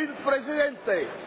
il presidente.